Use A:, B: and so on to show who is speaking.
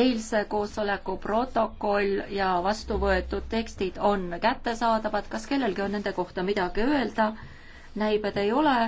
A: eilse koosoleku protokoll ja vastu võetud tekstid on kättesaadavad. kas kellelgi on nende kohta midagi öelda? näib, et ei ole.